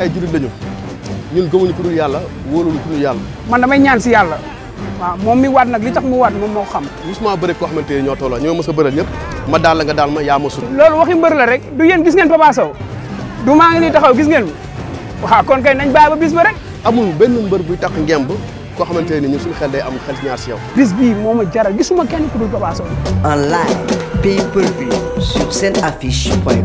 ay jullit lañu ñun gëmuñu ku dul yàlla wóoluñu ku dul yàlla. man damay ñaan si yàlla. waaw moom mi waat nag li tax mu waat moom moo xam. gisuma bëri koo xamante ne ñoo tolloo ñoo mës a bëral ñëpp ma daal la nga ma yaa ma sut. loolu waxi mbër la rek du yéen gis ngeen Papa Sow du taxaw gis ngeen waaw kon kay nañ bàyyi ba bis amul benn mbër buy tax ngemb koo xamante ne ñun suñu xel day am xel ñaar si yow. bis bii moo ma jaral gisuma kenn ku dul Papa Sow. en live pay per view sur seen affiche point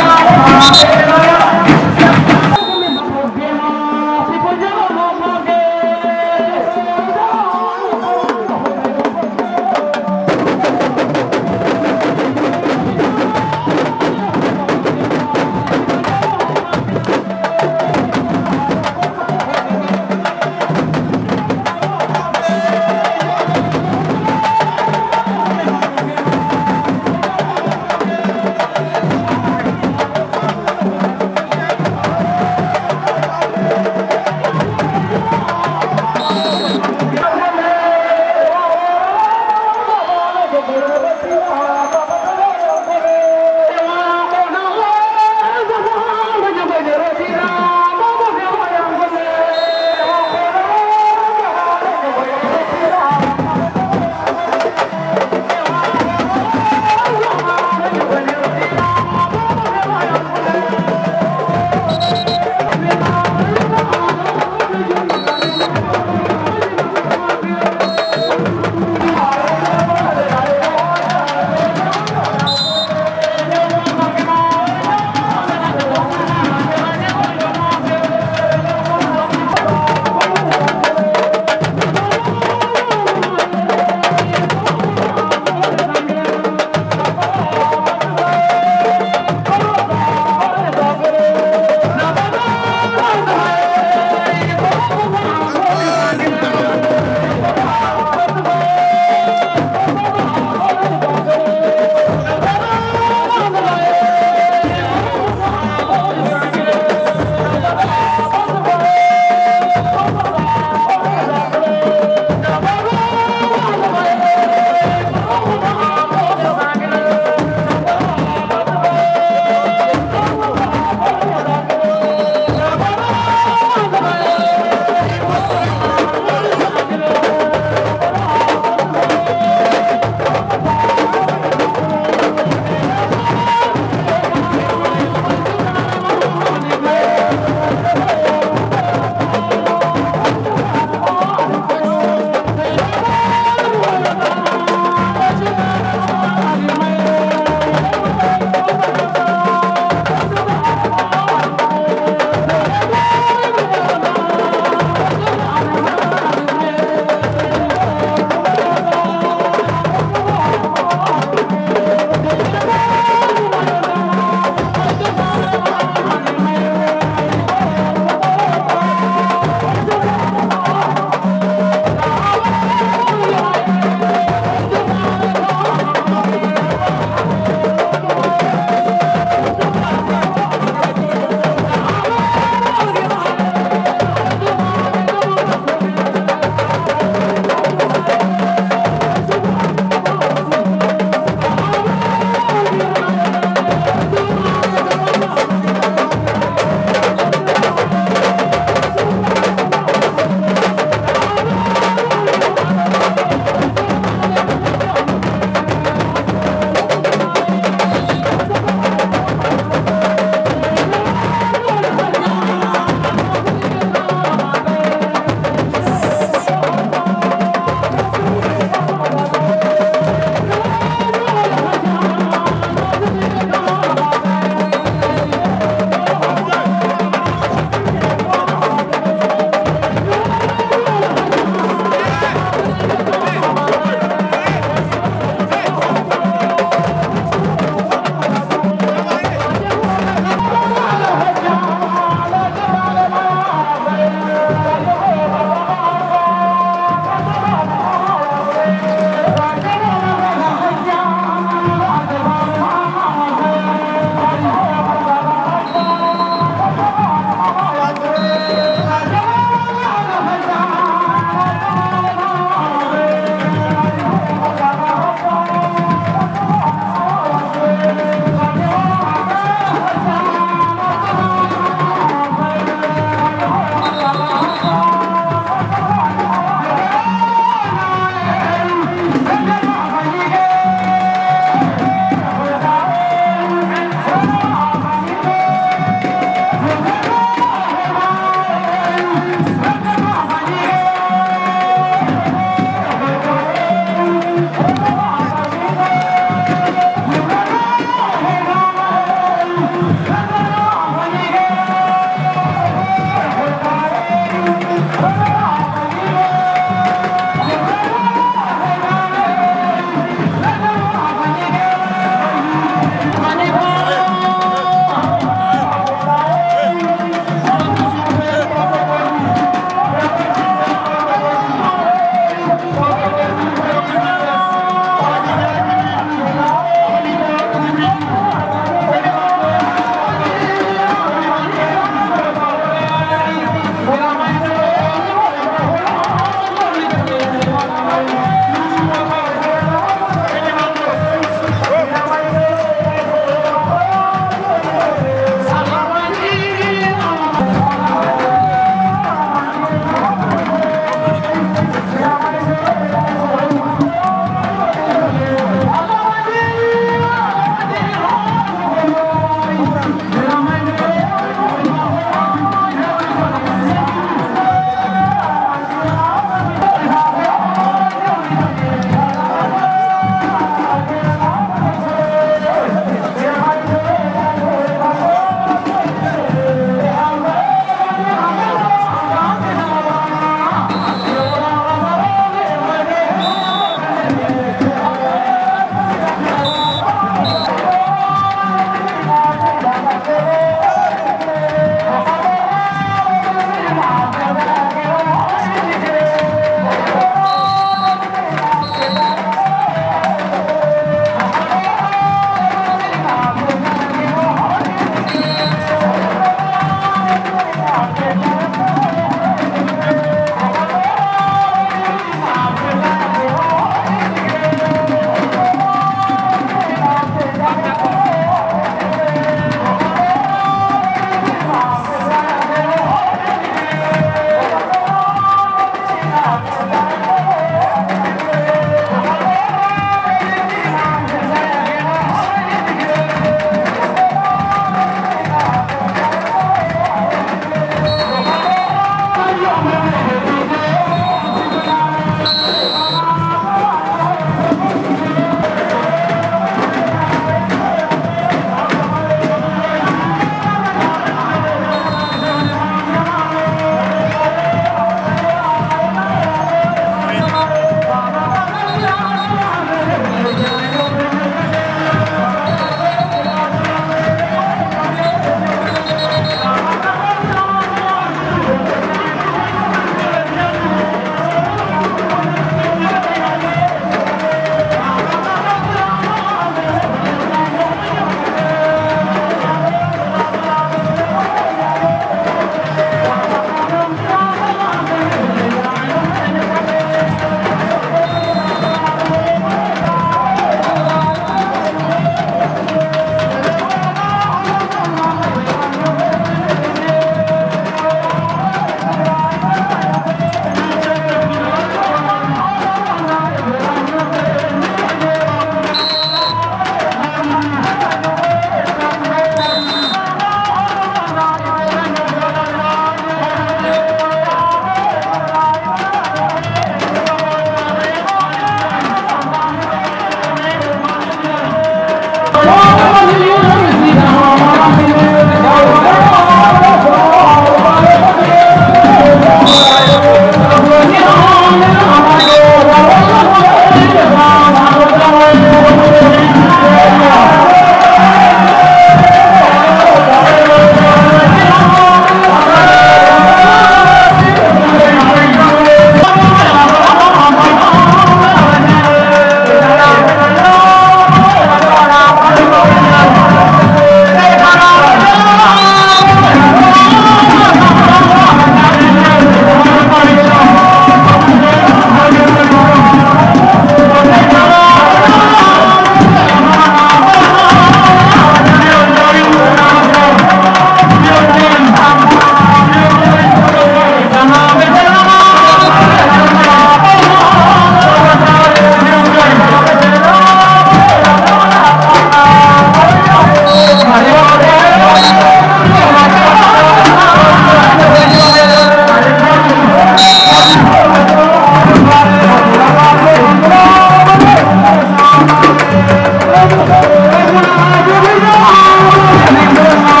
Amém.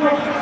ko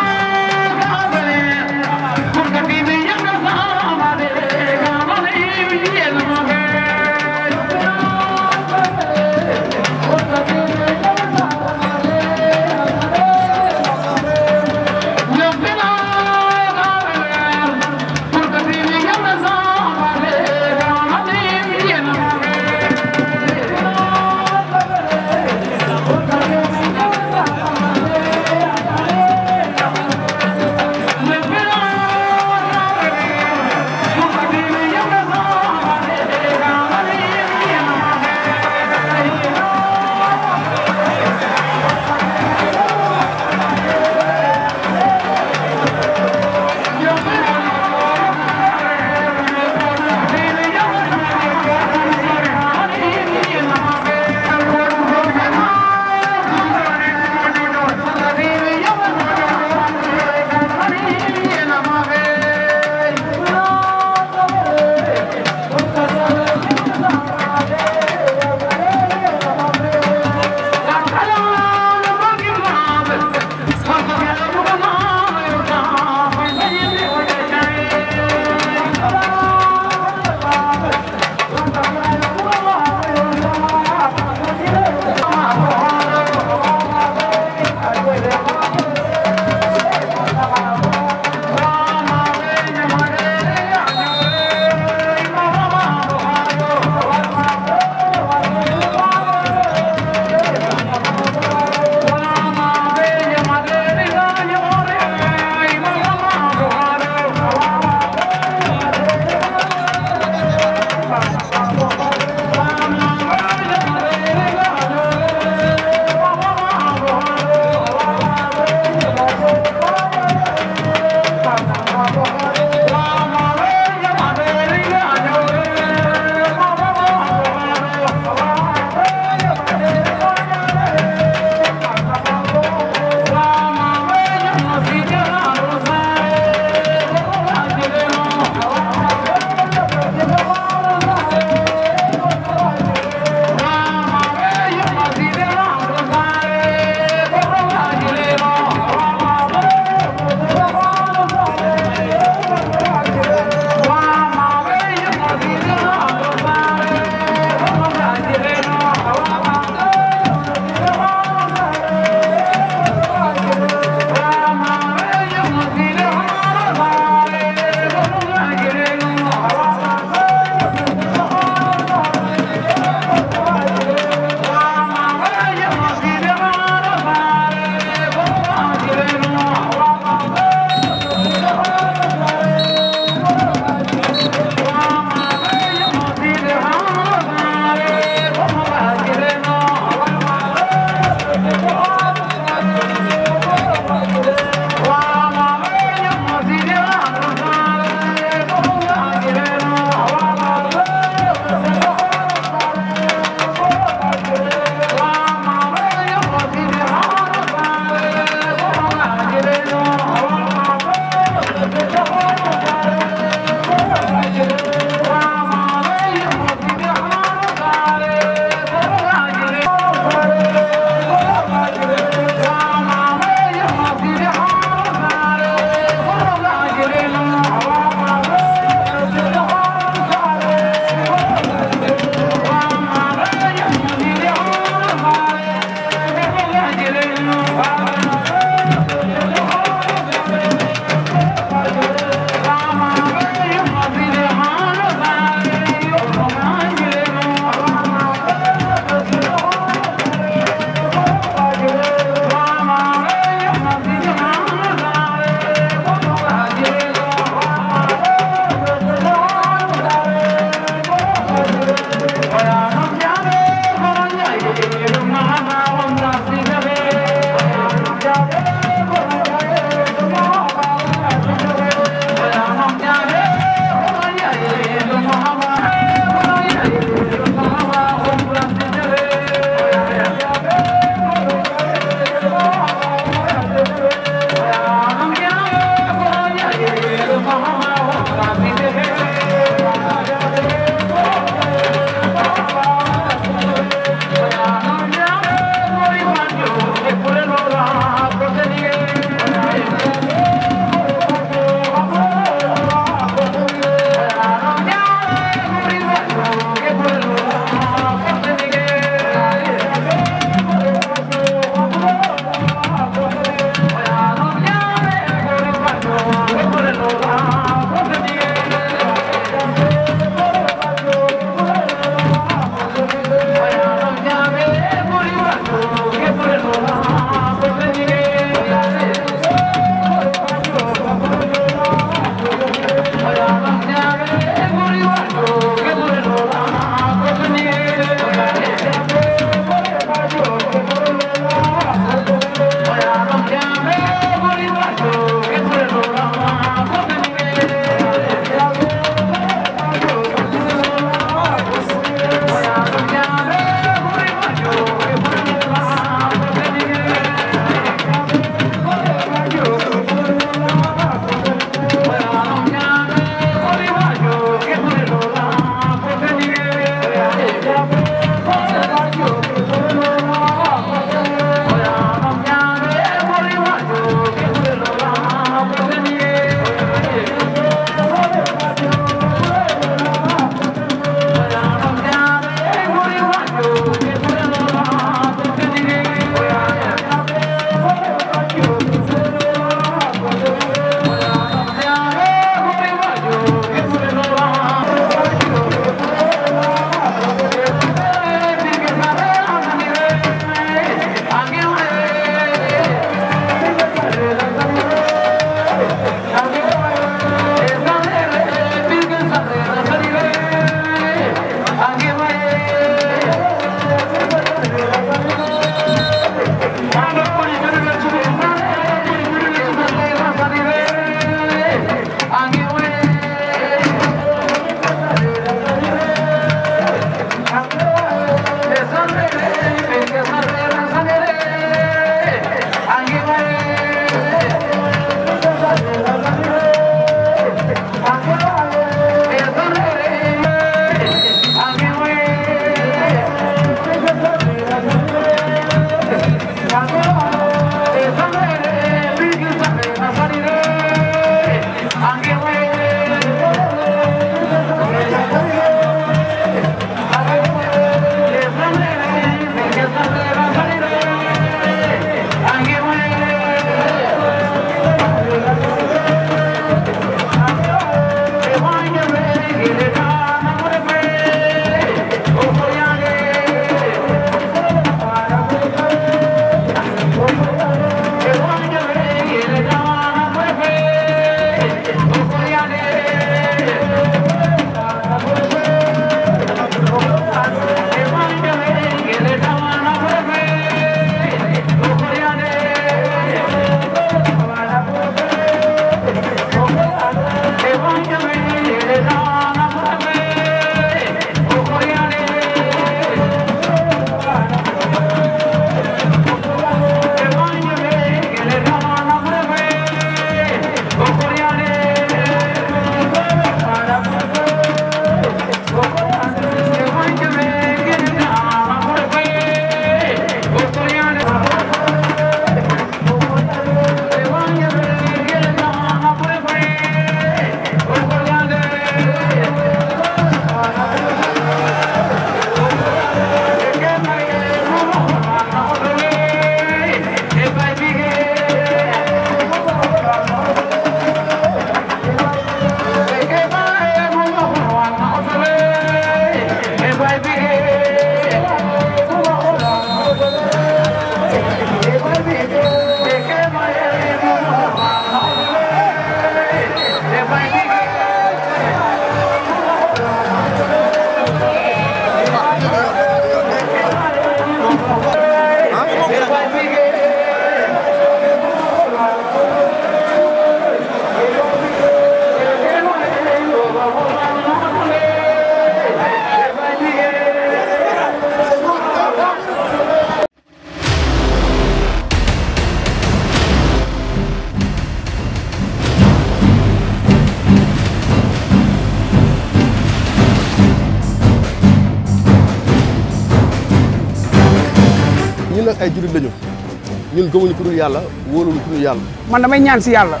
ku yàlla wóolul ku nu yàlla. man damay ñaan si yàlla.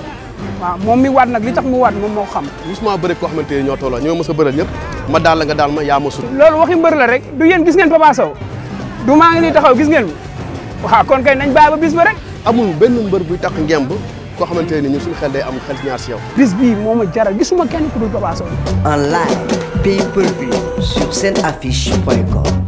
waaw moom mi waat nag li tax mu waat moom moo xam. gisuma bëri koo xamante ne ñoo tolloo ñoo mës a bëral ñëpp ma daal la nga daal ma yaa ma sut. loolu waxi mbër la rek du yéen gis ngeen Papa du maa ngi nii taxaw gis ngeen mi waaw kon kay nañ bàyyi ba bis ba rek. amul benn mbër buy tax ngemb koo xamante ne ñun suñu xel day am xel ñaar si yow. bis bii moo ma jaral gisuma kenn ku dul Papa Sow. en seen affiche point com.